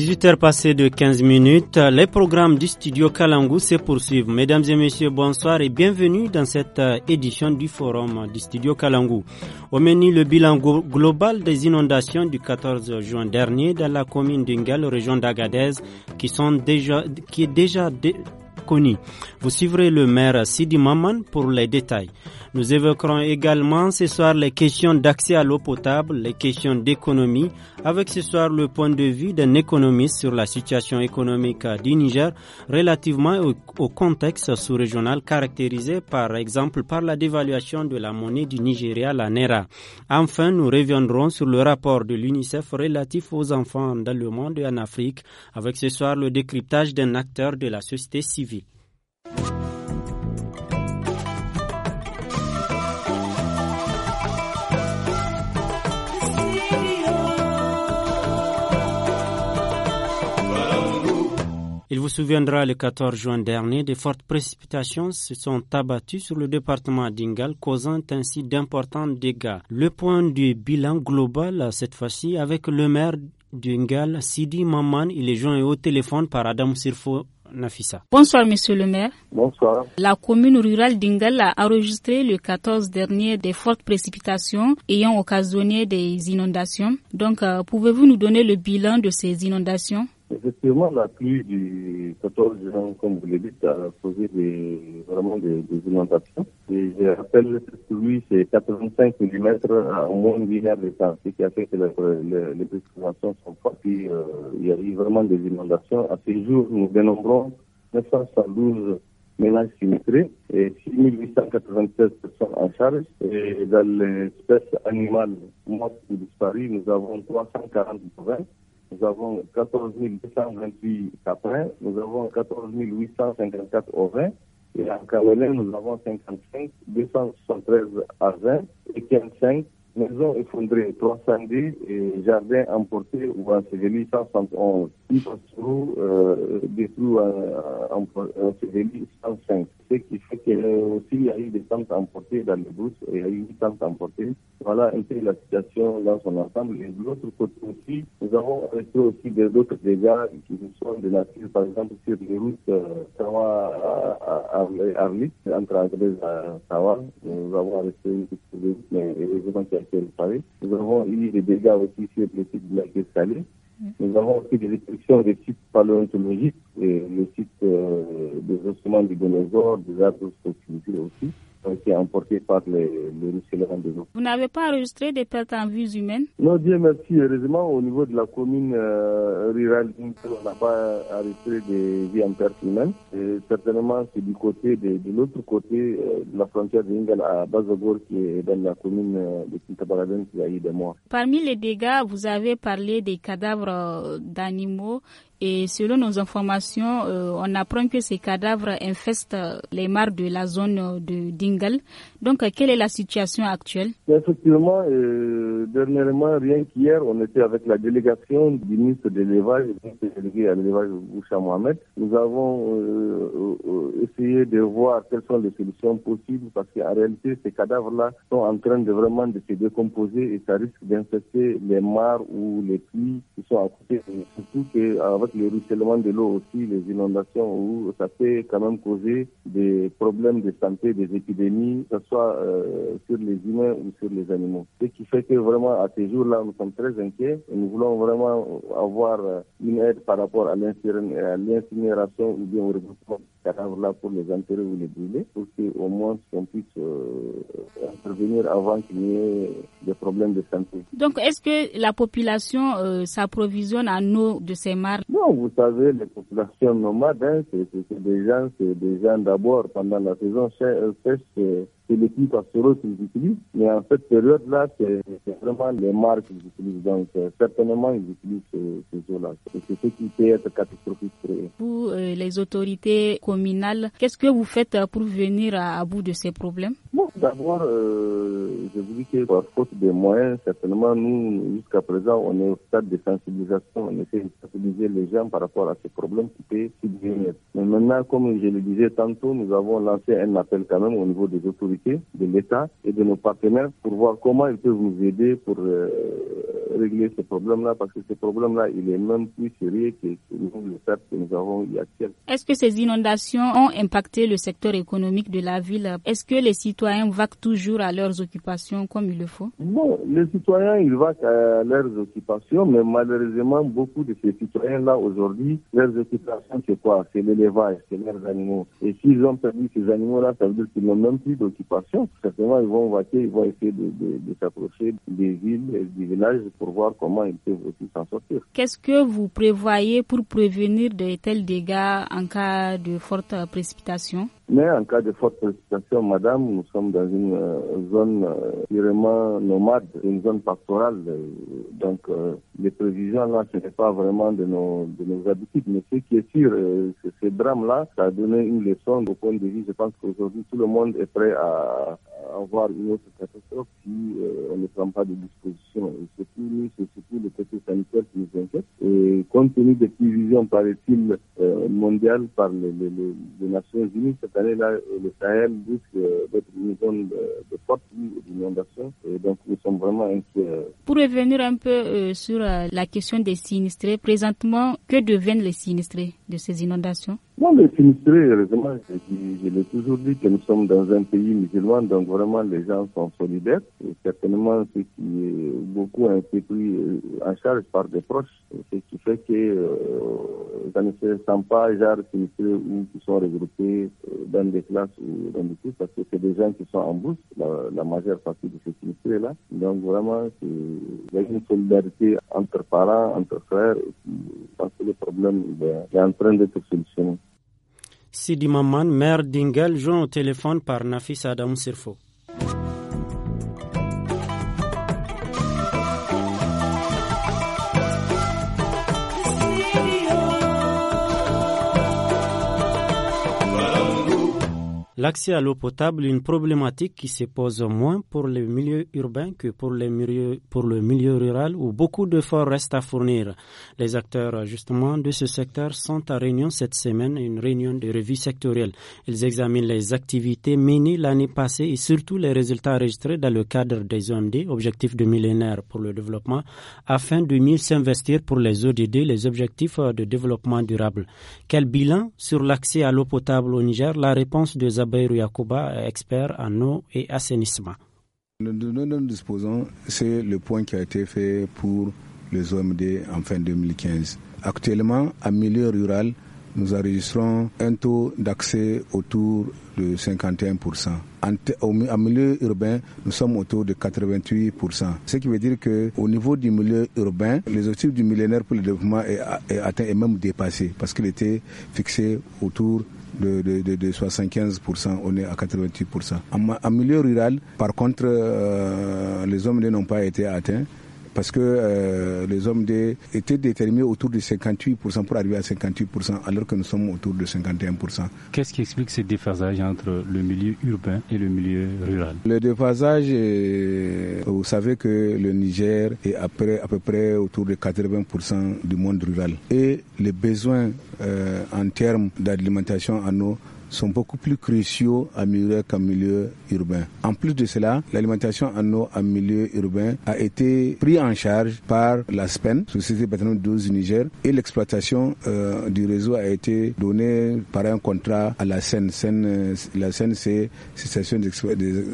18h passées de 15 minutes, les programmes du studio Kalangu se poursuivent. Mesdames et messieurs, bonsoir et bienvenue dans cette euh, édition du forum du studio Kalangu. Au menu, le bilan global des inondations du 14 juin dernier dans la commune d'Ingal, région d'Agadez, qui, sont déjà, qui est déjà connu. Vous suivrez le maire Sidi Maman pour les détails. Nous évoquerons également ce soir les questions d'accès à l'eau potable, les questions d'économie, avec ce soir le point de vue d'un économiste sur la situation économique du Niger relativement au, contexte sous-régional caractérisé par exemple par la dévaluation de la monnaie du Nigeria, la NERA. Enfin, nous reviendrons sur le rapport de l'UNICEF relatif aux enfants dans le monde et en Afrique, avec ce soir le décryptage d'un acteur de la société civile. Il vous souviendra, le 14 juin dernier, des fortes précipitations se sont abattues sur le département d'Ingal, causant ainsi d'importants dégâts. Le point du bilan global, cette fois-ci, avec le maire d'Ingal, Sidi Maman, il est joint au téléphone par Adam Sirfo. Nafissa. Bonsoir, monsieur le maire. Bonsoir. La commune rurale d'Ingal a enregistré le 14 dernier des fortes précipitations ayant occasionné des inondations. Donc, euh, pouvez-vous nous donner le bilan de ces inondations Effectivement, la pluie du 14 juin, comme vous l'avez dit, a causé vraiment des, inondations. Et je rappelle, que cette pluie, c'est 85 mm à moins une de temps, ce qui a fait que les, précipitations sont fortes. Euh, il y a eu vraiment des inondations. À ces jours, nous dénombrons 912 ménages sinistrés et 6896 personnes en charge. Et dans l'espèce animale morte ou disparue, nous avons 340 provinces nous avons 14 228 caprins, nous avons 14 854 ovins, et en Caroline, nous avons 55, 273 arzins, et 55 maisons effondrées, 310 et jardins emportés ou ensevelis 171, 8 trous, détruits des trous 105 aussi, il y a eu des tentes emportées dans les et il y a eu des tentes emportées. Voilà un peu la situation dans son ensemble. Et de l'autre côté aussi, nous avons reçu aussi des autres dégâts qui nous sont de nature, par exemple, sur les routes euh, euh à Arlit, entre Agrès et Sawa. Nous avons reçu une petite route, les heureusement qui ont été réparés. Nous avons eu des dégâts aussi sur le site de la Salée. Nous avons aussi des restrictions des sites paléontologiques et le site euh, du dinosaure, des arbres aussi, ont euh, été emportés par le les de l'eau. Vous n'avez pas enregistré des pertes en vies humaines Non, Dieu merci. Heureusement, au niveau de la commune euh, rurale, on n'a pas enregistré des vies en pertes humaines. Et certainement, c'est du côté de, l'autre côté euh, de la frontière de Ingal à Bazogor, qui est dans la commune de Kintabaladen, qui a eu des morts. Parmi les dégâts, vous avez parlé des cadavres d'animaux et selon nos informations, euh, on apprend que ces cadavres infestent les mares de la zone de Dingle donc, euh, quelle est la situation actuelle Effectivement, euh, dernièrement, rien qu'hier, on était avec la délégation du ministre de l'élevage, délégué à l'élevage Boucha Mohamed. Nous avons euh, essayé de voir quelles sont les solutions possibles parce qu'en réalité, ces cadavres-là sont en train de vraiment de se décomposer et ça risque d'infecter les mares ou les puits qui sont à côté. Et surtout avec le ruissellement de l'eau aussi, les inondations, où ça peut quand même causer des problèmes de santé, des épidémies soit euh, sur les humains ou sur les animaux. Ce qui fait que vraiment à ces jours-là, nous sommes très inquiets et nous voulons vraiment avoir euh, une aide par rapport à l'incinération ou bien au regroupement des cadavres-là pour les enterrer ou les brûler, pour qu'au moins on puisse euh, intervenir avant qu'il y ait des problèmes de santé. Donc est-ce que la population s'approvisionne en eau de ces marques Non, vous savez, les populations nomades, hein, c'est des gens, c'est des gens d'abord pendant la saison sèche c'est les plus pastoraux qu'ils utilisent. Mais en cette période-là, c'est vraiment les marques qu'ils utilisent. Donc, euh, certainement, ils utilisent ces, eaux-là. C'est ce qui peut être catastrophique pour euh, les autorités communales, qu'est-ce que vous faites pour venir à, bout de ces problèmes Bon, d'abord, euh, je vous dis que par faute des moyens, certainement, nous, jusqu'à présent, on est au stade de sensibilisation. On essaie de sensibiliser les gens par rapport à ces problèmes qui peuvent subvenir. Mais maintenant, comme je le disais tantôt, nous avons lancé un appel quand même au niveau des autorités de l'État et de nos partenaires pour voir comment ils peuvent nous aider pour euh, régler ce problème-là, parce que ce problème-là, il est même plus sérieux que le fait que nous avons il y Est-ce que ces inondations ont impacté le secteur économique de la ville Est-ce que les citoyens vaquent toujours à leurs occupations comme il le faut Bon, les citoyens, ils vaquent à leurs occupations, mais malheureusement, beaucoup de ces citoyens-là, aujourd'hui, leurs occupations, c'est quoi C'est l'élevage, c'est leurs animaux. Et s'ils ont perdu ces animaux-là, ça veut dire qu'ils n'ont même plus d'occupation Certainement, ils vont ils vont essayer de, s'approcher des villes, des villages pour voir comment ils peuvent aussi s'en sortir. Qu'est-ce que vous prévoyez pour prévenir de tels dégâts en cas de forte précipitation mais en cas de forte précipitation, madame, nous sommes dans une euh, zone euh, purement nomade, une zone pastorale. Euh, donc, les prévisions, là, ce n'est pas vraiment de nos, de nos habitudes. Mais ce qui est sûr, euh, c'est ce drame-là, ça a donné une leçon au point de vue. Je pense qu'aujourd'hui, tout le monde est prêt à, avoir une autre catastrophe si euh, on ne prend pas de dispositions. C'est surtout le côté sanitaire qui nous inquiète. Et compte tenu des divisions, paraît-il, films euh, mondiales par les, Nations Unies, cette année-là, euh, le Sahel risque d'être une zone de, forte inondation. Et donc, nous sommes vraiment inquiets. Pour revenir un peu sur la question des sinistrés, présentement, que deviennent les sinistrés de ces inondations moi, les sinistrés, heureusement, je, l'ai toujours dit que nous sommes dans un pays musulman, donc vraiment les gens sont solidaires. certainement, ce qui est beaucoup a été pris euh, en charge par des proches, ce qui fait que euh, ça ne se sent pas genre sinistrés ou qui sont regroupés euh, dans des classes ou dans des cours, parce que c'est des gens qui sont en bourse, la, majeure partie de ces sinistrés-là. Donc vraiment, il y une solidarité entre parents, entre frères, parce que le problème ben, est en train d'être solutionné. Sidi Maman, maire d'Ingel, joint au téléphone par Nafis Adam Sirfo. l'accès à l'eau potable, une problématique qui se pose moins pour les milieux urbains que pour, les milieux, pour le milieu rural où beaucoup d'efforts restent à fournir. Les acteurs justement de ce secteur sont à réunion cette semaine, une réunion de revue sectorielle. Ils examinent les activités menées l'année passée et surtout les résultats enregistrés dans le cadre des OMD, objectifs de millénaire pour le développement, afin de mieux s'investir pour les ODD, les objectifs de développement durable. Quel bilan sur l'accès à l'eau potable au Niger La réponse de Bayrou Yakuba, expert en eau et assainissement. Nous, disposons, c'est le point qui a été fait pour les OMD en fin 2015. Actuellement, en milieu rural, nous enregistrons un taux d'accès autour de 51%. En, milieu urbain, nous sommes autour de 88%. Ce qui veut dire que au niveau du milieu urbain, les objectifs du millénaire pour le développement est, est atteint et même dépassé parce qu'il était fixé autour de, 75%, on est à 88%. En, milieu rural, par contre, euh, les hommes n'ont pas été atteints parce que euh, les hommes des étaient déterminés autour de 58% pour arriver à 58%, alors que nous sommes autour de 51%. Qu'est-ce qui explique ce déphasage entre le milieu urbain et le milieu rural Le déphasage, euh, vous savez que le Niger est à, peu près autour de 80% du monde rural. Et les besoins euh, en termes d'alimentation en eau sont beaucoup plus cruciaux à milieu qu'en milieu urbain. En plus de cela, l'alimentation en eau en milieu urbain a été pris en charge par la SPEN, Société Bâtiment 12 du Niger, et l'exploitation euh, du réseau a été donnée par un contrat à la SEN. E e la SEN, c'est l'exploitation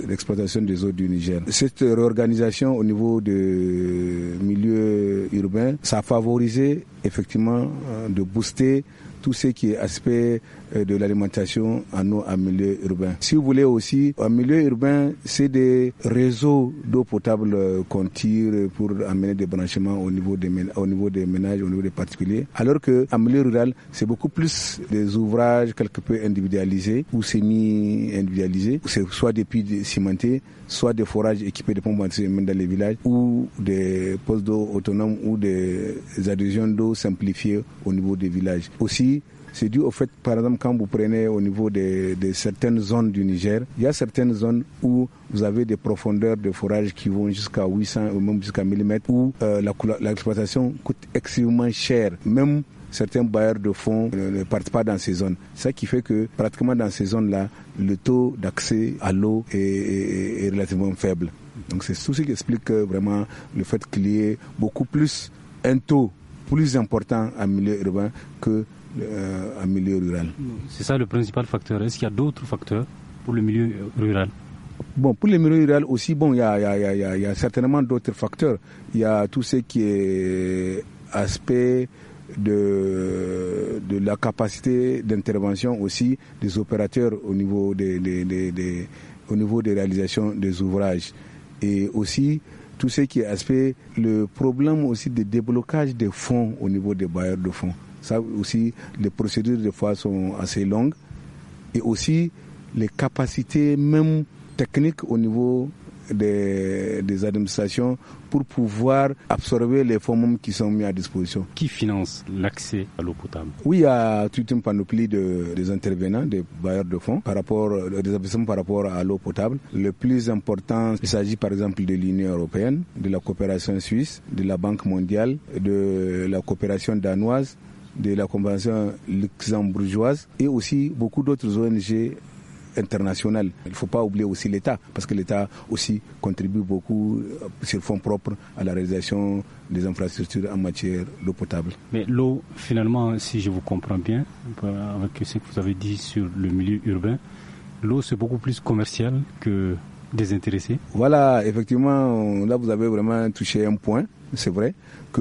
d'exploitation des eaux du Niger. Cette réorganisation au niveau du milieu urbain, ça a favorisé effectivement euh, de booster tout ce qui est aspect euh, de l'alimentation en eau en milieu urbain. Si vous voulez aussi, en milieu urbain, c'est des réseaux d'eau potable euh, qu'on tire pour amener des branchements au niveau des, au niveau des ménages, au niveau des particuliers. Alors que en milieu rural, c'est beaucoup plus des ouvrages quelque peu individualisés ou semi-individualisés. C'est soit des puits cimentés, soit des forages équipés de pompes dans les villages ou des postes d'eau autonomes ou des adhésions d'eau simplifiées au niveau des villages. Aussi, c'est dû au fait, par exemple, quand vous prenez au niveau de, certaines zones du Niger, il y a certaines zones où vous avez des profondeurs de forage qui vont jusqu'à 800 ou même jusqu'à 1000 mètres, où euh, l'exploitation coûte extrêmement cher, même certains bailleurs de fonds ne, partent pas dans ces zones. Ça qui fait que pratiquement dans ces zones-là, le taux d'accès à l'eau est, relativement faible. Donc c'est tout ce qui explique vraiment le fait qu'il y ait beaucoup plus un taux plus important en milieu urbain que euh, en milieu rural. C'est ça le principal facteur. Est-ce qu'il y a d'autres facteurs pour le milieu euh, rural Bon, pour le milieu rural aussi, bon, il y a, certainement d'autres facteurs. Il y a tout ce qui est aspect de, de la capacité d'intervention aussi des opérateurs au niveau des, au niveau des réalisations des ouvrages. Et aussi, tout ce qui est aspect, le problème aussi de déblocage des fonds au niveau des bailleurs de fonds aussi, les procédures des fois sont assez longues. Et aussi, les capacités même techniques au niveau des, administrations pour pouvoir absorber les fonds qui sont mis à disposition. Qui finance l'accès à l'eau potable Oui, il y a toute une panoplie de, des intervenants, des bailleurs de fonds, par rapport, euh, des investissements par rapport à l'eau potable. Le plus important, il s'agit par exemple de l'Union européenne, de la coopération suisse, de la Banque mondiale, de la coopération danoise, de la Convention luxembourgeoise et aussi beaucoup d'autres ONG internationales. Il ne faut pas oublier aussi l'État, parce que l'État aussi contribue beaucoup euh, sur fond propres à la réalisation des infrastructures en matière d'eau potable. Mais l'eau, finalement, si je vous comprends bien, avec ce que vous avez dit sur le milieu urbain, l'eau c'est beaucoup plus commercial que désintéressé. Voilà, effectivement, là vous avez vraiment touché un point, c'est vrai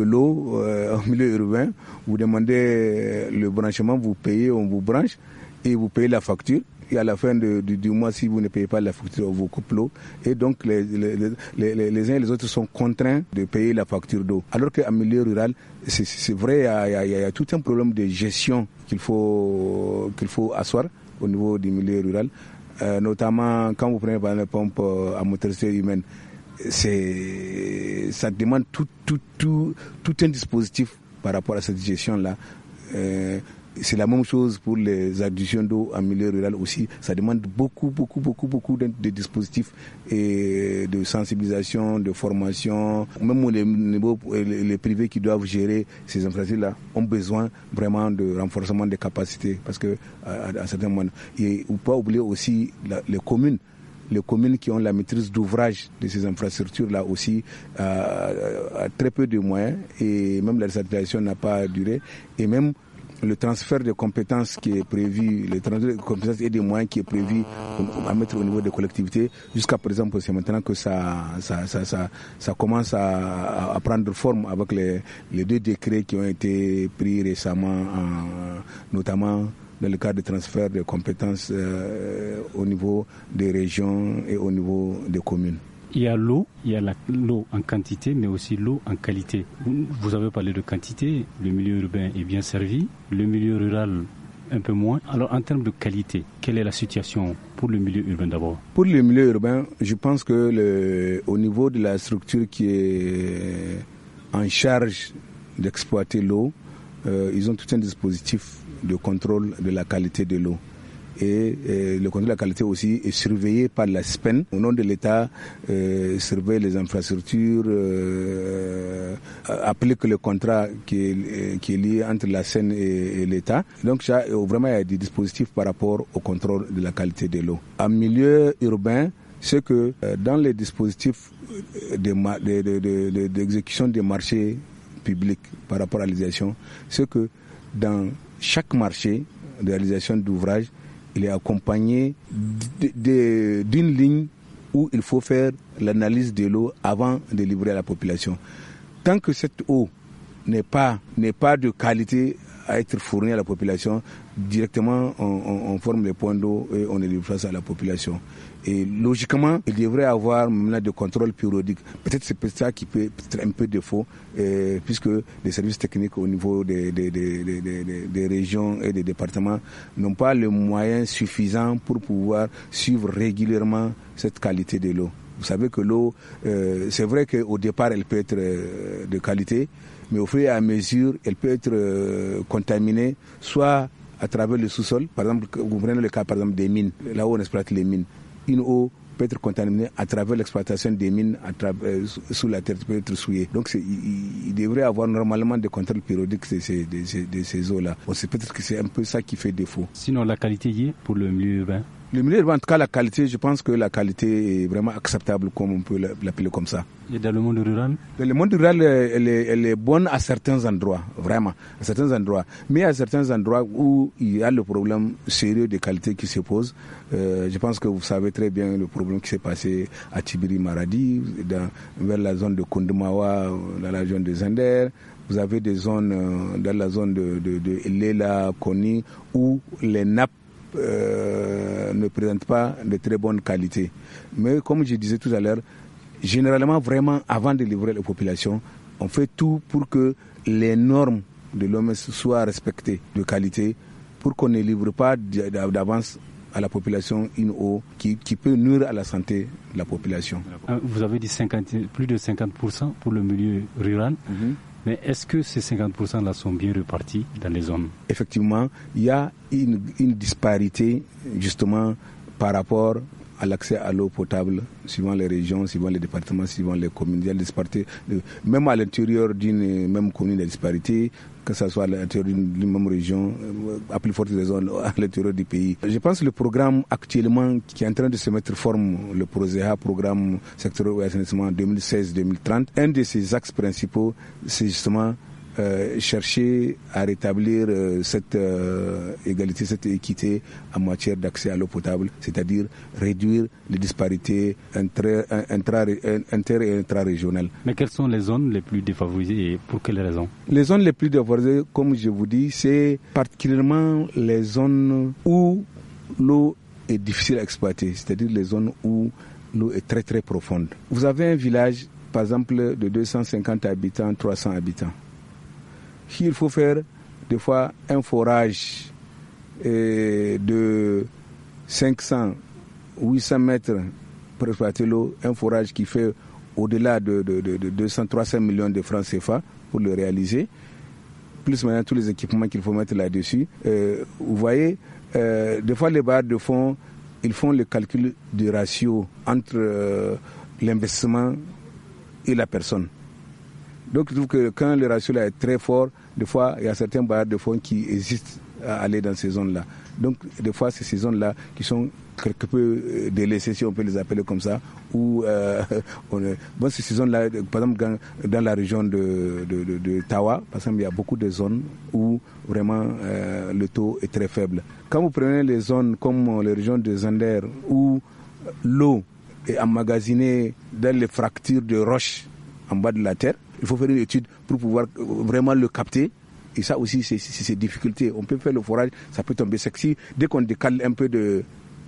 l'eau en euh, milieu urbain. Vous demandez euh, le branchement, vous payez, on vous branche et vous payez la facture. Et à la fin du, mois, si vous ne payez pas la facture, on vous coupe l'eau. Et donc, les, uns et les autres sont contraints de payer la facture d'eau. Alors qu'en milieu rural, c'est vrai, il y, a tout un problème de gestion qu'il faut, qu'il faut asseoir au niveau du milieu rural. Euh, notamment quand vous prenez par exemple, une pompe à motricité humaine, c'est ça demande tout, tout, tout, tout un dispositif par rapport à cette gestion-là. Euh, c'est la même chose pour les additions d'eau en milieu rural aussi. Ça demande beaucoup, beaucoup, beaucoup, beaucoup de, dispositifs et de sensibilisation, de formation. Même les, les, les privés qui doivent gérer ces infrastructures-là ont besoin vraiment de renforcement des capacités parce que à, certain certains moments, et ou pas oublier aussi les communes les communes qui ont la maîtrise d'ouvrage de ces infrastructures-là aussi euh, a très peu de moyens et même la désactivation n'a pas duré. Et même le transfert de compétences qui est prévu, le transfert de compétences et des moyens qui est prévu à mettre au niveau des collectivités, jusqu'à présent, c'est maintenant que ça, ça, ça, commence à, prendre forme avec les, deux décrets qui ont été pris récemment, euh, notamment dans le cadre de transfert de compétences euh, au niveau des régions et au niveau des communes. Il y a l'eau, il y a l'eau en quantité, mais aussi l'eau en qualité. Vous avez parlé de quantité, le milieu urbain est bien servi, le milieu rural un peu moins. Alors en termes de qualité, quelle est la situation pour le milieu urbain d'abord Pour le milieu urbain, je pense que le, au niveau de la structure qui est en charge d'exploiter l'eau, euh, ils ont tout un dispositif de contrôle de la qualité de l'eau. Et, euh, le contrôle de la qualité aussi est surveillé par la SPEN. Au nom de l'État, euh, surveille les infrastructures, euh, applique le contrat qui est, qui est lié entre la SPEN et, l'État. Donc vraiment, il y a des dispositifs par rapport au contrôle de la qualité de l'eau. En milieu urbain, ce que dans les dispositifs d'exécution des marchés publics par rapport à l'utilisation, c'est que dans chaque marché de réalisation d'ouvrage, il est accompagné d'une ligne où il faut faire l'analyse de l'eau avant de livrer à la population. Tant que cette eau n'est pas, n'est pas de qualité à être fournie à la population, directement on, forme les points d'eau et on les livre à la population. Et logiquement, il devrait avoir maintenant de contrôle périodique. Peut-être c'est ça qui peut être un peu défaut, euh, puisque les services techniques au niveau des, des, des, des régions et des départements n'ont pas les moyens suffisants pour pouvoir suivre régulièrement cette qualité de l'eau. Vous savez que l'eau, euh, c'est vrai qu'au départ, elle peut être euh, de qualité, mais au fur et à mesure, elle peut être contaminée, soit à travers le sous-sol. Par exemple, vous prenez le cas par exemple, des mines, là où on exploite les mines. Une eau peut être contaminée à travers l'exploitation des mines à travers euh, sous la terre, peut être souillée. Donc il, il, devrait avoir normalement des contrôles périodiques de ces, eaux-là. On sait peut-être que c'est un peu ça qui fait défaut. Sinon, la qualité y est pour le milieu urbain le milieu, en tout cas la qualité, je pense que la qualité est vraiment acceptable, comme on peut l'appeler comme ça. Et dans le monde rural le monde rural, euh, elle est, bonne à certains endroits, vraiment, à certains endroits. Mais à certains endroits où il y a le problème sérieux de qualité qui se pose, euh, je pense que vous savez très bien le problème qui s'est passé à Tibiri Maradi, dans, vers la zone de Kondumawa, dans la zone de Zender, vous avez des zones euh, dans la zone de, de, de Lela, Koni, où les nappes euh, ne présente pas de très bonne qualité. Mais comme je disais tout à l'heure, généralement, vraiment, avant de livrer la population, on fait tout pour que les normes de l'OMS soient respectées de qualité, pour qu'on ne livre pas d'avance à la population une eau qui, peut nuire à la santé de la population. Euh, vous avez dit 50, plus de 50% pour le milieu rural. Mm-hmm. Mais est-ce que ces 50%-là sont bien repartis dans les zones Effectivement, il y a une, disparité justement par rapport à l'accès à l'eau potable, suivant les régions, suivant les départements, suivant les communes. Il y a des disparité euh, même à l'intérieur d'une même commune, des disparités que ce soit à l'intérieur d'une même région, euh, à plus forte raison à l'intérieur du pays. Je pense que le programme actuellement qui est en train de se mettre forme, le PROSEA, programme secteur et assainissement 2016-2030, un de ses axes principaux, c'est justement euh, chercher à rétablir euh, cette euh, égalité, cette équité en matière d'accès à l'eau potable, c'est-à-dire réduire les disparités inter et intra-régionales. Mais quelles sont les zones les plus défavorisées et pour quelles raisons Les zones les plus défavorisées, comme je vous dis, c'est particulièrement les zones où l'eau est difficile à exploiter, c'est-à-dire les zones où l'eau est très très profonde. Vous avez un village, par exemple, de 250 habitants, 300 habitants. Il faut faire des fois un forage euh, de 500, 800 mètres pour exploiter l'eau, un forage qui fait au-delà de, 200, 300 millions de francs CFA pour le réaliser, plus maintenant tous les équipements qu'il faut mettre là-dessus. Euh, vous voyez, euh, des fois les barres de fond, ils font le calcul du ratio entre l'investissement et la personne. Donc je trouve que quand le ratio là est très fort, des fois il y a certains barrages de fonds qui existent à aller dans ces zones-là. Donc des fois c'est ces zones-là qui sont quelque peu euh, délaissées, si on peut les appeler comme ça, où euh, on, bon, ces zones-là, euh, par exemple dans, la région de, de, de, Tawa, par exemple, il y a beaucoup de zones où vraiment euh, le taux est très faible. Quand vous prenez les zones comme les régions de Zander, où l'eau est emmagasinée dans les fractures de roches en bas de la terre, il faut faire une étude pour pouvoir euh, vraiment le capter. Et ça aussi, c'est ces difficultés. On peut faire le forage, ça peut tomber sexy. Dès qu'on décale un peu de,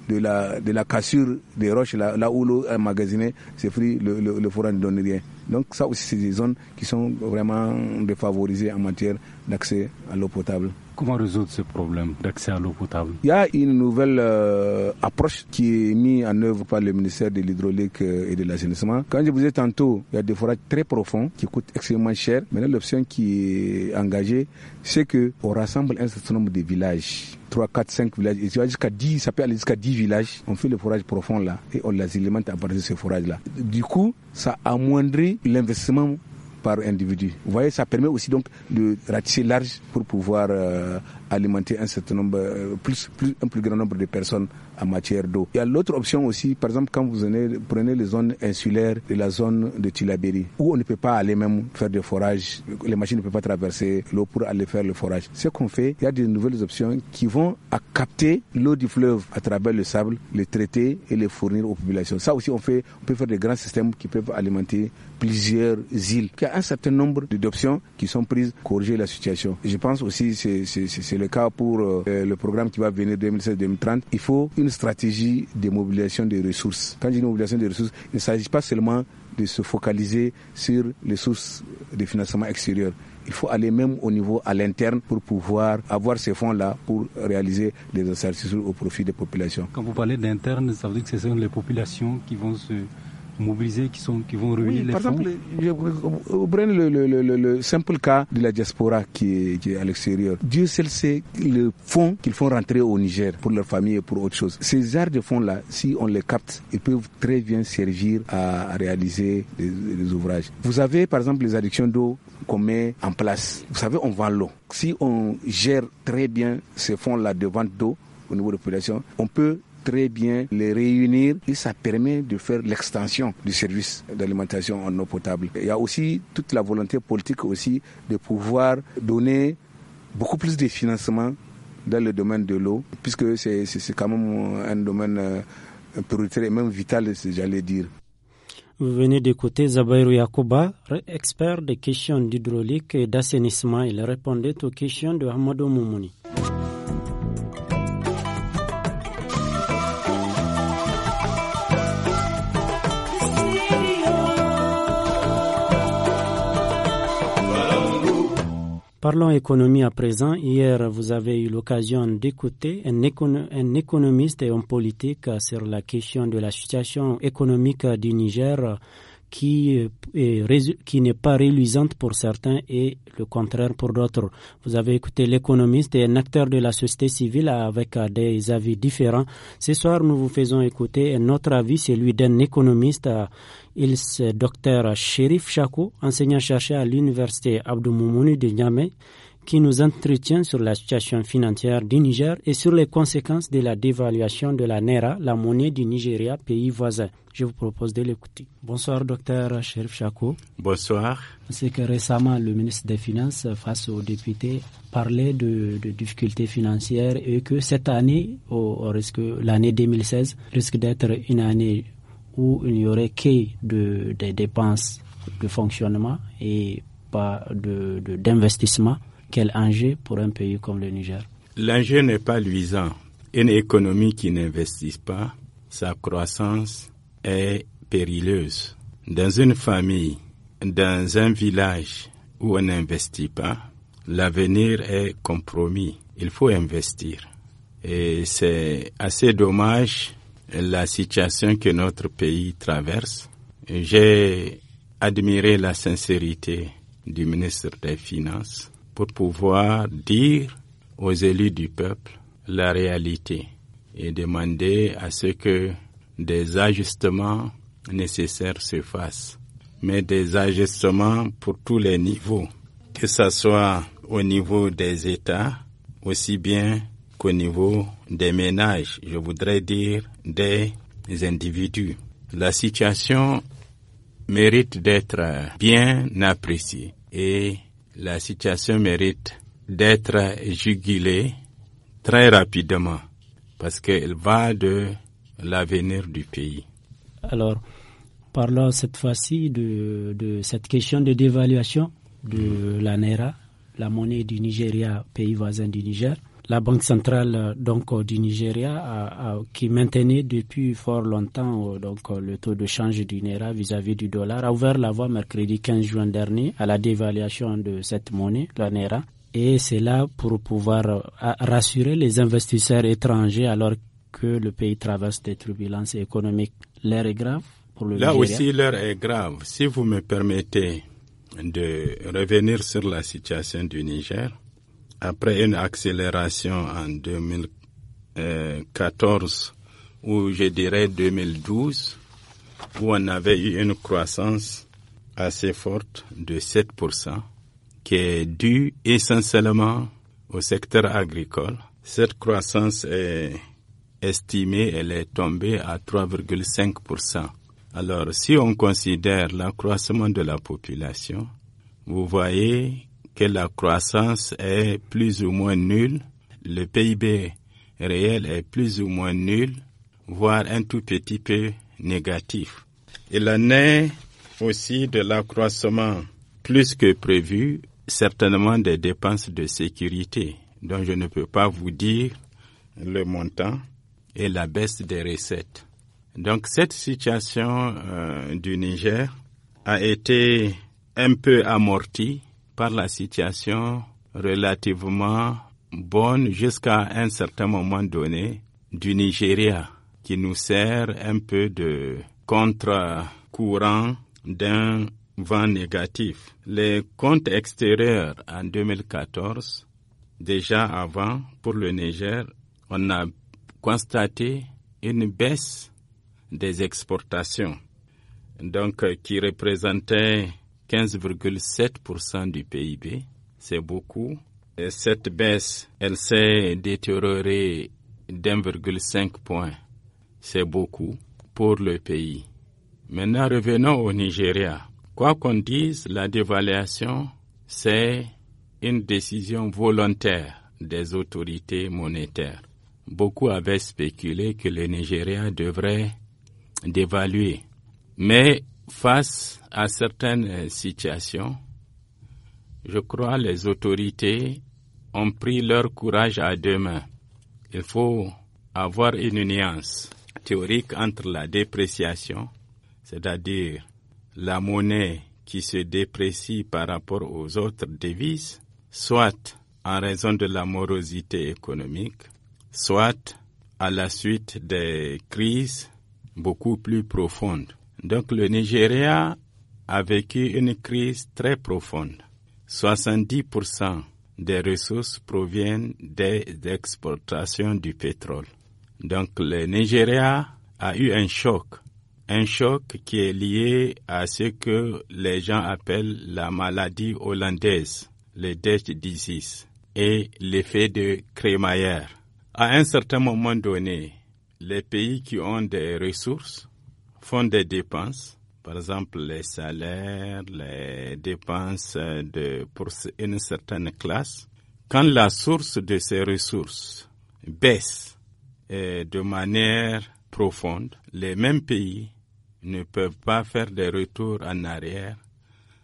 de, la, cassure des roches, là, où l'eau est magasinée, c'est frit, le, forage ne donne rien. Donc ça aussi, c'est des zones qui sont vraiment défavorisées en matière d'accès à l'eau potable. Comment résoudre ce problème d'accès à l'eau potable Il y a une nouvelle euh, approche qui est mise en œuvre par le ministère de l'hydraulique euh, et de l'assainissement. Quand je vous ai tantôt, il y a des forages très profonds qui coûtent extrêmement cher. Maintenant, l'option qui est engagée, c'est que on rassemble un certain nombre de villages 3, 4, 5 villages, et jusqu'à 10, ça peut aller jusqu'à 10 villages. On fait le forage profond là et on les alimente à partir de ce forage là. Du coup, ça amoindrit l'investissement par individu. Vous voyez, ça permet aussi donc de ratisser large pour pouvoir euh, alimenter un certain nombre, euh, plus, plus, un plus grand nombre de personnes en matière d'eau. Il y a l'autre option aussi, par exemple, quand vous prenez les zones insulaires de la zone de Tilaberi, où on ne peut pas aller même faire des forages, les machines ne peuvent pas traverser l'eau pour aller faire le forage. Ce qu'on fait, il y a de nouvelles options qui vont à capter l'eau du fleuve à travers le sable, les traiter et les fournir aux populations. Ça aussi, on fait, on peut faire des grands systèmes qui peuvent alimenter plusieurs îles. Il y a un certain nombre d'options qui sont prises pour corriger la situation. Je pense aussi, c'est c'est le cas pour euh, le programme qui va venir 2016-2030. Il faut une stratégie de mobilisation des ressources. Quand je dis mobilisation des ressources, il ne s'agit pas seulement de se focaliser sur les sources de financement extérieur. Il faut aller même au niveau à l'interne pour pouvoir avoir ces fonds-là pour réaliser des exercices au profit des populations. Quand vous parlez d'interne, ça veut dire que ce sont les populations qui vont se mobilisés qui, sont, qui vont revenir oui, par exemple, euh, vous le, simple cas de la diaspora qui est, à l'extérieur. Dieu seul sait le fonds qu'ils font rentrer au Niger pour leur famille et pour autre chose. Ces arts de fonds-là, si on les capte, ils peuvent très bien servir à réaliser des, des ouvrages. Vous avez par exemple les addictions d'eau qu'on met en place. Vous savez, on vend l'eau. Si on gère très bien ces fonds-là de vente d'eau, au niveau de la population, on peut très bien les réunir et ça permet de faire l'extension du service d'alimentation en eau potable. Il y a aussi toute la volonté politique aussi de pouvoir donner beaucoup plus de financement dans le domaine de l'eau, puisque c'est quand même un domaine euh, prioritaire et même vital, j'allais dire. Vous venez d'écouter Zabairou Yakouba, expert des questions d'hydraulique et d'assainissement. Il répondait aux questions de Hamadou Moumouni. Parlons économie à présent. Hier, vous avez eu l'occasion d'écouter un, économiste et un politique sur la question de la situation économique du Niger qui, euh, qui n'est pas réluisante pour certains et le contraire pour d'autres. Vous avez écouté l'économiste et un acteur de la société civile avec euh, des avis différents. Ce soir, nous vous faisons écouter un autre avis, celui d'un économiste. Euh, il docteur Sherif Chakou, enseignant-chercheur à l'université Abdou Moumouni de Niamey qui nous entretient sur la situation financière du Niger et sur les conséquences de la dévaluation de la Naira, la monnaie du Nigeria, pays voisin. Je vous propose de l'écouter. Bonsoir, docteur Sherif Chako. Bonsoir. C'est que récemment, le ministre des Finances, face aux députés, parlait de, difficultés financières et que cette année, au, risque, l'année 2016, risque d'être une année où il n'y aurait que de, des dépenses de fonctionnement et pas d'investissement quel enjeu pour un pays comme le Niger L'enjeu n'est pas luisant. Une économie qui n'investit pas, sa croissance est périlleuse. Dans une famille, dans un village où on n'investit pas, l'avenir est compromis. Il faut investir. Et c'est assez dommage la situation que notre pays traverse. J'ai admiré la sincérité du ministre des Finances pour pouvoir dire aux élus du peuple la réalité et demander à ce que des ajustements nécessaires se fassent, mais des ajustements pour tous les niveaux, que ce soit au niveau des États, aussi bien qu'au niveau des ménages, je voudrais dire des individus. La situation mérite d'être bien appréciée et la situation mérite d'être jugulée très rapidement parce qu'elle va de l'avenir du pays. Alors, parlons cette fois-ci de, cette question de dévaluation de la Naira, la monnaie du Nigeria, pays voisin du Niger la Banque centrale euh, donc euh, du Nigeria qui maintenait depuis fort longtemps euh, donc le taux de change du naira vis-à-vis du dollar a ouvert la voie mercredi 15 juin dernier à la dévaluation de cette monnaie, le naira. Et c'est là pour pouvoir rassurer les investisseurs étrangers alors que le pays traverse des turbulences économiques. L'heure est grave pour le Nigeria. Là aussi, l'heure est grave. Si vous me permettez de revenir sur la situation du Niger, après une accélération en 2014 euh, ou je dirais 2012, où on avait eu une croissance assez forte de 7%, qui est due essentiellement au secteur agricole. Cette croissance est estimée, elle est tombée à 3,5%. Alors, si on considère l'accroissement de la population, vous voyez que la croissance est plus ou moins nulle, le PIB réel est plus ou moins nul, voire un tout petit peu négatif. Il en est aussi de l'accroissement plus que prévu, certainement des dépenses de sécurité, dont je ne peux pas vous dire le montant, et la baisse des recettes. Donc cette situation euh, du Niger a été un peu amortie par la situation relativement bonne jusqu'à un certain moment donné du Nigeria qui nous sert un peu de contre-courant d'un vent négatif. Les comptes extérieurs en 2014, déjà avant, pour le Niger, on a constaté une baisse des exportations, donc qui représentait 15,7% du PIB. C'est beaucoup. Et cette baisse, elle s'est détériorée d'1,5 point. C'est beaucoup pour le pays. Maintenant, revenons au Nigeria. Quoi qu'on dise, la dévaluation, c'est une décision volontaire des autorités monétaires. Beaucoup avaient spéculé que le Nigeria devrait dévaluer. Mais face à certaines euh, situations, je crois les autorités ont pris leur courage à deux mains. Il faut avoir une nuance théorique entre la dépréciation, c'est-à-dire la monnaie qui se déprécie par rapport aux autres devises, soit en raison de la morosité économique, soit à la suite des crises beaucoup plus profondes. Donc le Nigeria a vécu une crise très profonde. 70% des ressources proviennent des exportations du pétrole. Donc le Nigeria a eu un choc, un choc qui est lié à ce que les gens appellent la maladie hollandaise, le Dutch disease, et l'effet de crémaillère. À un certain moment donné, les pays qui ont des ressources font des dépenses, par exemple les salaires, les dépenses de, pour une certaine classe, quand la source de ces ressources baisse euh, de manière profonde, les mêmes pays ne peuvent pas faire des retours en arrière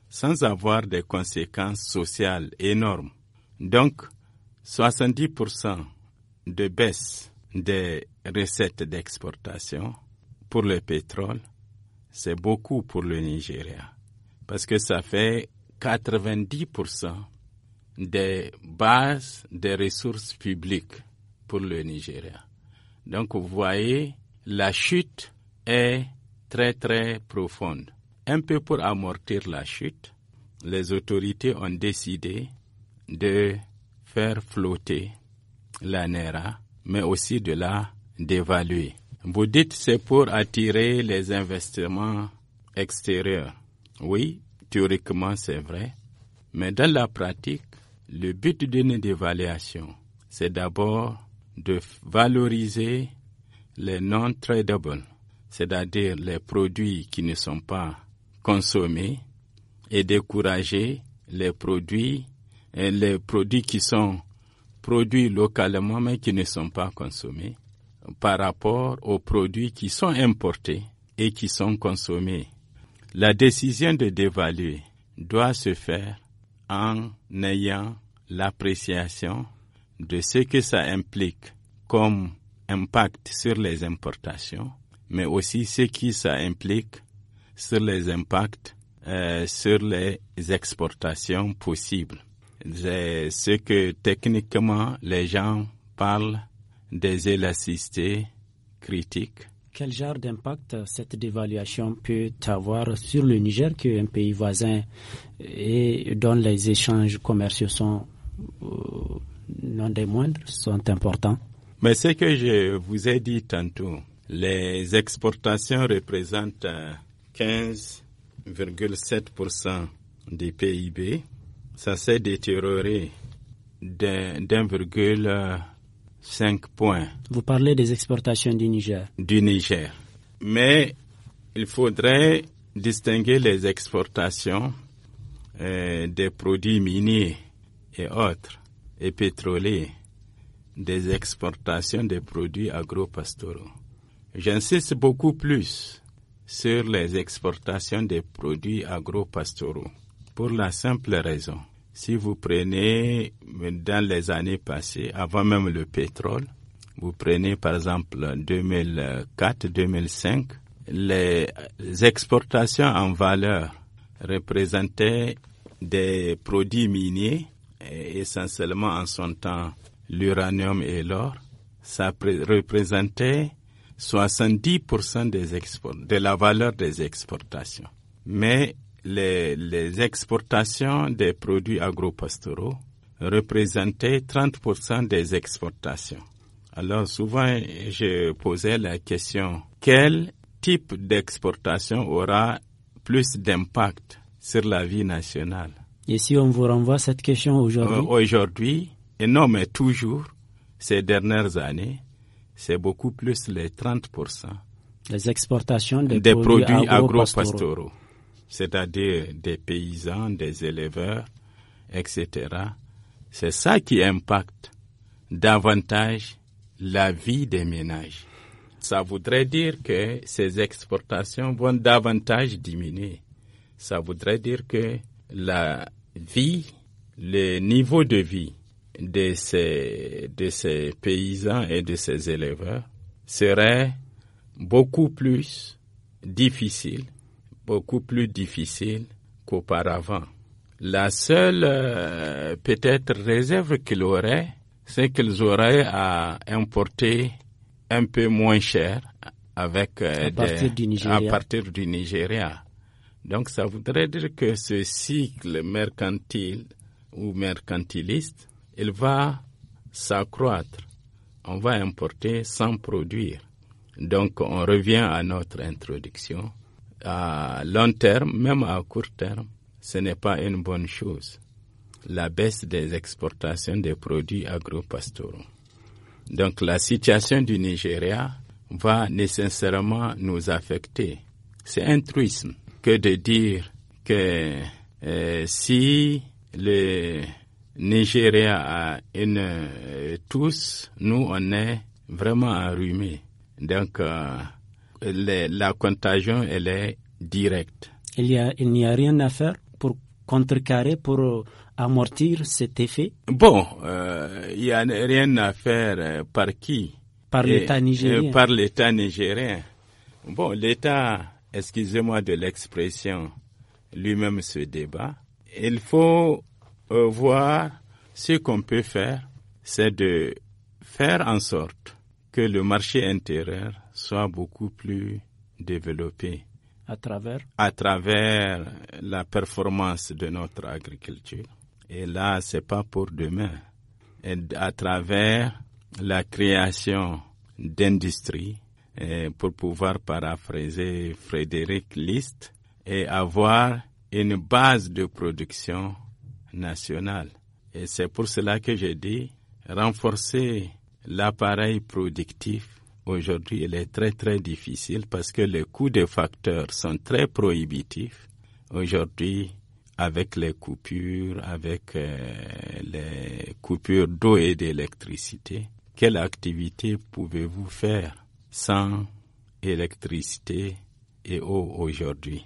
sans avoir des conséquences sociales énormes. Donc, 70% de baisse des recettes d'exportation pour le pétrole, c'est beaucoup pour le Nigeria. Parce que ça fait 90% des bases des ressources publiques pour le Nigeria. Donc vous voyez, la chute est très très profonde. Un peu pour amortir la chute, les autorités ont décidé de faire flotter la NERA, mais aussi de la dévaluer. Vous dites c'est pour attirer les investissements extérieurs. Oui, théoriquement c'est vrai, mais dans la pratique, le but d'une dévaluation, c'est d'abord de valoriser les non-tradables, c'est-à-dire les produits qui ne sont pas consommés, et décourager les produits et les produits qui sont produits localement mais qui ne sont pas consommés par rapport aux produits qui sont importés et qui sont consommés. La décision de dévaluer doit se faire en ayant l'appréciation de ce que ça implique comme impact sur les importations, mais aussi ce que ça implique sur les impacts euh, sur les exportations possibles. C'est ce que techniquement les gens parlent des élasticités critiques. Quel genre d'impact cette dévaluation peut avoir sur le Niger, qui est un pays voisin et dont les échanges commerciaux sont euh, non des moindres, sont importants Mais ce que je vous ai dit tantôt, les exportations représentent 15,7% du PIB. Ça s'est détérioré virgule euh, Cinq points. Vous parlez des exportations du Niger. Du Niger. Mais il faudrait distinguer les exportations euh, des produits miniers et autres, et pétroliers, des exportations des produits agro-pastoraux. J'insiste beaucoup plus sur les exportations des produits agro-pastoraux, pour la simple raison si vous prenez dans les années passées, avant même le pétrole, vous prenez par exemple 2004-2005, les exportations en valeur représentaient des produits miniers, essentiellement en son temps l'uranium et l'or. Ça représentait 70% des de la valeur des exportations. Mais les, exportations des produits agropastoraux représentaient 30% des exportations. Alors souvent, je posais la question, quel type d'exportation aura plus d'impact sur la vie nationale Et si on vous renvoie cette question aujourd'hui euh, Aujourd'hui, et non mais toujours, ces dernières années, c'est beaucoup plus les 30%. Les exportations des, produits, agro-pastoraux c'est-à-dire des paysans, des éleveurs, etc. C'est ça qui impacte davantage la vie des ménages. Ça voudrait dire que ces exportations vont davantage diminuer. Ça voudrait dire que la vie, le niveau de vie de ces, paysans et de ces éleveurs serait beaucoup plus difficile beaucoup plus difficile qu'auparavant. La seule euh, peut-être réserve qu'ils auraient, c'est qu'ils auraient à importer un peu moins cher avec euh, des, à partir du Nigeria. Donc ça voudrait dire que ce cycle mercantile ou mercantiliste, il va s'accroître. On va importer sans produire. Donc on revient à notre introduction à long terme, même à court terme, ce n'est pas une bonne chose. La baisse des exportations des produits agro-pastoraux. Donc la situation du Nigeria va nécessairement nous affecter. C'est un truisme que de dire que euh, si le Nigeria a une euh, tous, nous on est vraiment enrhumés. Donc euh, la contagion, elle est directe. Il, a, il n'y a rien à faire pour contrecarrer, pour euh, amortir cet effet Bon, euh, il n'y a rien à faire euh, par qui Par l'État nigérien. par l'État nigérien. Bon, l'État, excusez-moi de l'expression, lui-même se débat. Il faut voir ce qu'on peut faire, c'est de faire en sorte que le marché intérieur soit beaucoup plus développé À travers À travers la performance de notre agriculture. Et là, c'est pas pour demain. Et à travers la création d'industries, eh, pour pouvoir paraphraser Frédéric List, et avoir une base de production nationale. Et c'est pour cela que j'ai dit renforcer l'appareil productif aujourd'hui, elle est très, très difficile parce que les coûts des facteurs sont très prohibitifs. Aujourd'hui, avec les coupures, avec euh, les coupures d'eau et d'électricité, quelle activité pouvez-vous faire sans électricité et eau aujourd'hui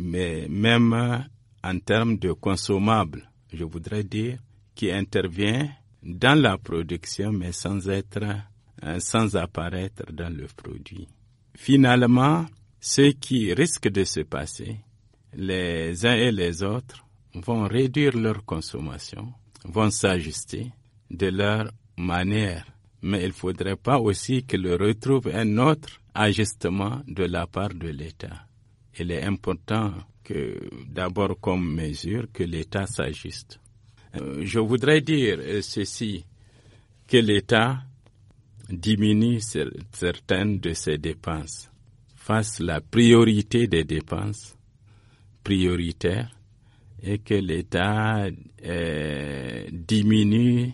Mais même en termes de consommables, je voudrais dire, qui intervient dans la production mais sans être Hein, sans apparaître dans le produit. Finalement, ce qui risque de se passer, les uns et les autres vont réduire leur consommation, vont s'ajuster de leur manière. Mais il ne faudrait pas aussi qu'ils retrouvent un autre ajustement de la part de l'État. Il est important que, d'abord comme mesure, que l'État s'ajuste. Euh, je voudrais dire ceci, que l'État diminue certaines de ses dépenses, fasse la priorité des dépenses prioritaires et que l'État euh, diminue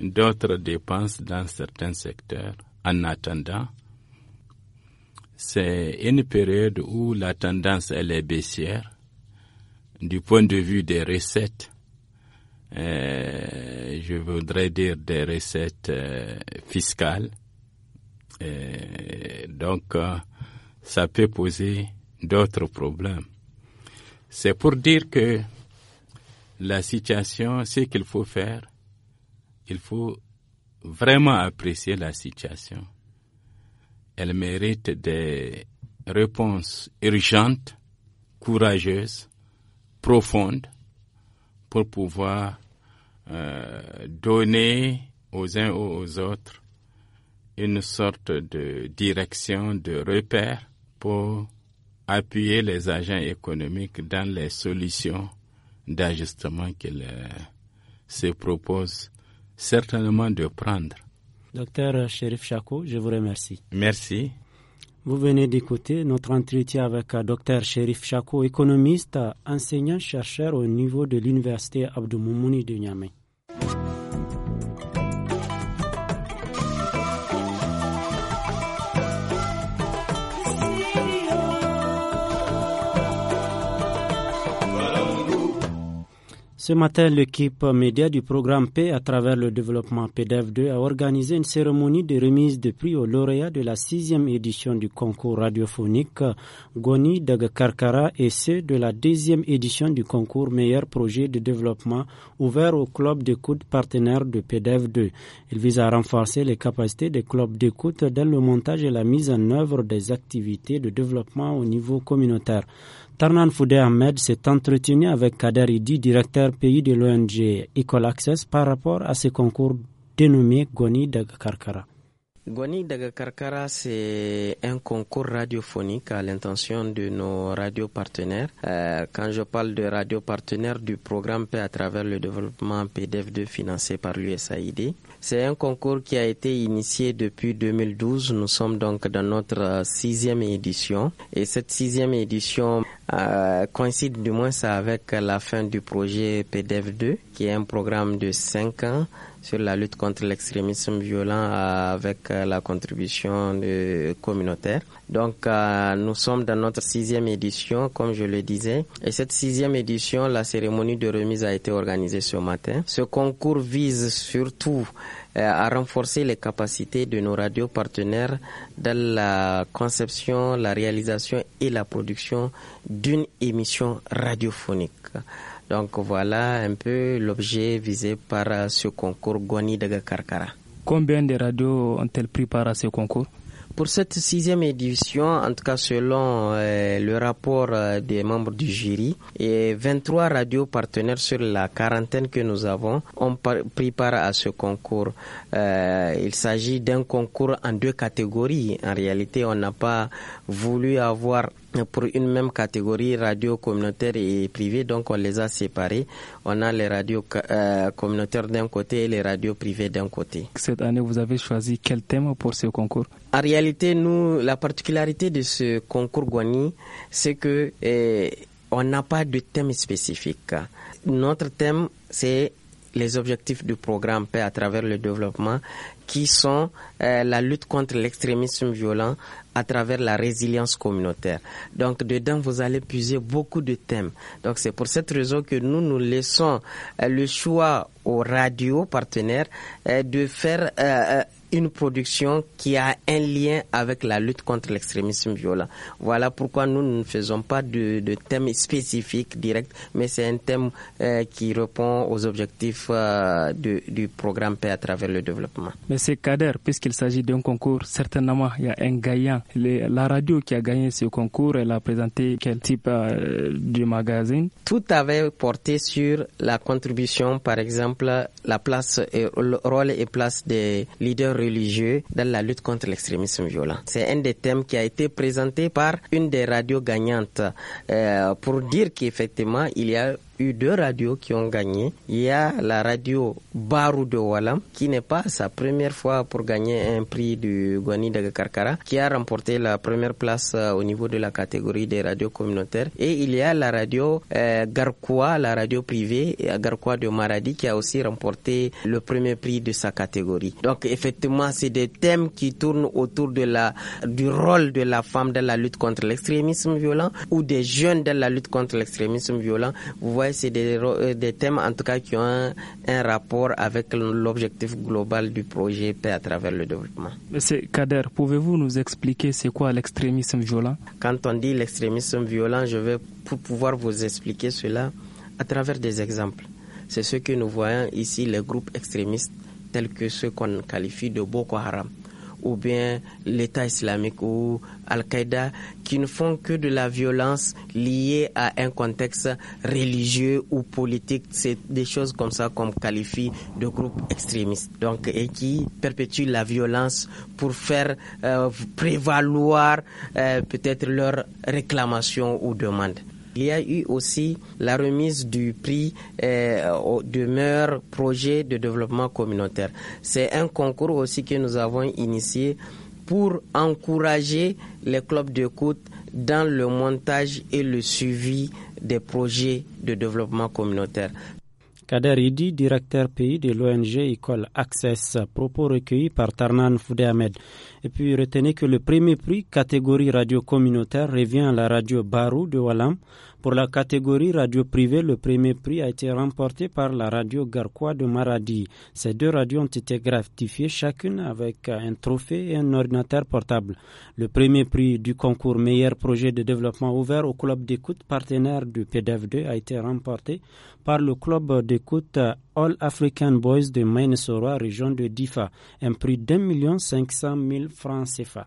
d'autres dépenses dans certains secteurs. En attendant, c'est une période où la tendance elle est baissière du point de vue des recettes euh, je voudrais dire, des recettes euh, fiscales. Euh, donc, ça peut poser d'autres problèmes. C'est pour dire que la situation, ce qu'il faut faire, il faut vraiment apprécier la situation. Elle mérite des réponses urgentes, courageuses, profondes, pour pouvoir euh, donner aux uns ou aux autres une sorte de direction, de repère pour appuyer les agents économiques dans les solutions d'ajustement qu'ils euh, se proposent certainement de prendre. Docteur Sherif Chakou, je vous remercie. Merci. Vous venez d'écouter notre entretien avec euh, Dr. Sherif Chako, économiste, euh, enseignant-chercheur au niveau de l'Université Abdou Moumouni de Niamey. Ce matin, l'équipe média du programme P à travers le développement PDF2 a organisé une cérémonie de remise de prix aux lauréats de la sixième édition du concours radiophonique Goni Karkara et ceux de la deuxième édition du concours Meilleur projet de développement ouvert aux clubs d'écoute partenaires de PDF2. Il vise à renforcer les capacités des clubs d'écoute dans le montage et la mise en œuvre des activités de développement au niveau communautaire. Tarnan Foudé Ahmed s'est entretenu avec Kader Idi, directeur pays de l'ONG Equal Access, par rapport à ce concours dénommé Goni de Gwani daga c'est un concours radiophonique à l'intention de nos radios partenaires. Euh, quand je parle de radio partenaires du programme P à travers le développement PDF2 financé par l'USAID, c'est un concours qui a été initié depuis 2012. Nous sommes donc dans notre sixième édition et cette sixième édition euh, coïncide du moins avec la fin du projet PDF2 qui est un programme de cinq ans sur la lutte contre l'extrémisme violent avec euh, la contribution communautaire. Donc, euh, nous sommes dans notre sixième édition, comme je le disais. Et cette sixième édition, la cérémonie de remise a été organisée ce matin. Ce concours vise surtout euh, à renforcer les capacités de nos radios partenaires dans la conception, la réalisation et la production d'une émission radiophonique. Donc voilà un peu l'objet visé par euh, ce concours Gwani de Karkara. Combien de radios ont-elles pris part à ce concours pour cette sixième édition, en tout cas selon euh, le rapport euh, des membres du jury, et 23 radios partenaires sur la quarantaine que nous avons ont pris part à ce concours. il s'agit d'un concours en deux catégories. En réalité, on n'a pas voulu avoir pour une même catégorie radio communautaire et privée. Donc on les a séparés. On a les radios euh, communautaires d'un côté et les radios privées d'un côté. Cette année, vous avez choisi quel thème pour ce concours En réalité, nous, la particularité de ce concours Guani, c'est que eh, on n'a pas de thème spécifique. Notre thème, c'est les objectifs du programme Paix à travers le développement, qui sont euh, la lutte contre l'extrémisme violent à travers la résilience communautaire. Donc dedans, vous allez puiser beaucoup de thèmes. Donc c'est pour cette raison que nous, nous laissons euh, le choix aux radios partenaires euh, de faire une production qui a un lien avec la lutte contre l'extrémisme violent. Voilà pourquoi nous ne faisons pas de, thème spécifique direct, mais c'est un thème euh, qui répond aux objectifs euh, du programme Paix à travers le développement. Mais c'est Kader, puisqu'il s'agit d'un concours, certainement il y a un gagnant. la radio qui a gagné ce concours, elle a présenté quel type euh, de magazine Tout avait porté sur la contribution, par exemple, la place, et, le rôle et place des leaders religieux dans la lutte contre l'extrémisme violent. C'est un des thèmes qui a été présenté par une des radios gagnantes euh, pour dire qu'effectivement, il y a eu deux radios qui ont gagné. Il y a la radio Barou de Walam, qui n'est pas sa première fois pour gagner un prix du Guani de qui a remporté la première place euh, au niveau de la catégorie des radios communautaires. Et il y a la radio euh, la radio privée, euh, Garkoua de Maradi, qui a aussi remporté le premier prix de sa catégorie. Donc effectivement, c'est des thèmes qui tournent autour de la, du rôle de la femme dans la lutte contre l'extrémisme violent ou des jeunes dans la lutte contre l'extrémisme violent. Vous voyez c'est euh, des, thèmes en tout cas qui ont un, rapport avec l'objectif global du projet Paix à travers le développement. Monsieur Kader, pouvez-vous nous expliquer c'est quoi l'extrémisme violent Quand on dit l'extrémisme violent, je vais pouvoir vous expliquer cela à travers des exemples. C'est ce que nous voyons ici, les groupes extrémistes tels que ceux qu'on qualifie de Boko Haram ou bien l'État islamique ou Al-Qaïda qui ne font que de la violence liée à un contexte religieux ou politique. C'est des choses comme ça qu'on qualifie de groupes extrémistes. Donc, et qui perpétuent la violence pour faire euh, prévaloir euh, peut-être leurs réclamations ou demandes. Il y a eu aussi la remise du prix euh, au projets projet de développement communautaire. C'est un concours aussi que nous avons initié pour encourager les clubs de côte dans le montage et le suivi des projets de développement communautaire. Kader Idi, directeur pays de l'ONG Ecole Access, propos recueillis par Tarnan Foudé Ahmed. Et puis retenez que le premier prix catégorie radio communautaire revient à la radio Barou de Walam pour la catégorie radio privée, le premier prix a été remporté par la radio Garquois de Maradi. Ces deux radios ont été gratifiées chacune avec un trophée et un ordinateur portable. Le premier prix du concours meilleur projet de développement ouvert au club d'écoute partenaire du PDF2 a été remporté par le club d'écoute All African Boys de Minnesota, région de Difa, un prix d'un million cinq cent francs CFA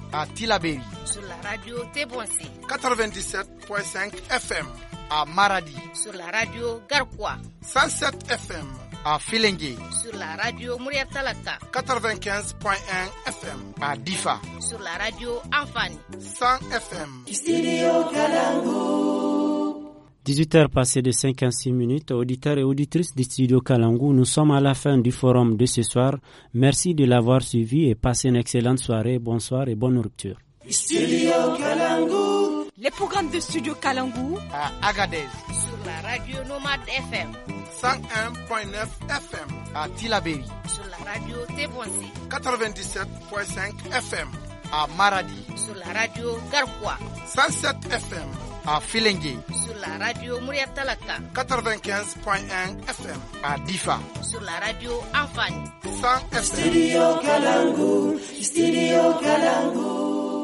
à Tilaberi. Sur la radio Téboissé. 97.5 FM. À Maradi. Sur la radio Garqua. 107 FM. À Filengé Sur la radio Mouria 95.1 FM. À Difa. Sur la radio Anfani. 100 FM. Studio 18h passées de 56 minutes, auditeurs et auditrices du studio Kalangou, nous sommes à la fin du forum de ce soir. Merci de l'avoir suivi et passez une excellente soirée. Bonsoir et bonne rupture. Studio Kalangu. Les programmes de Studio Kalangou à Agadez. Sur la radio Nomade FM. 101.9 FM à Tilaberi. Sur la radio Tebouansi. 97.5 FM à Maradi. Sur la radio Garkwa. 107 FM a ah, filin Sur la radio muryar talaka. 95.1 FM a Difa. Sur la radio Amfani. 100 FM. Studio Kalangu, Studio Kalangu.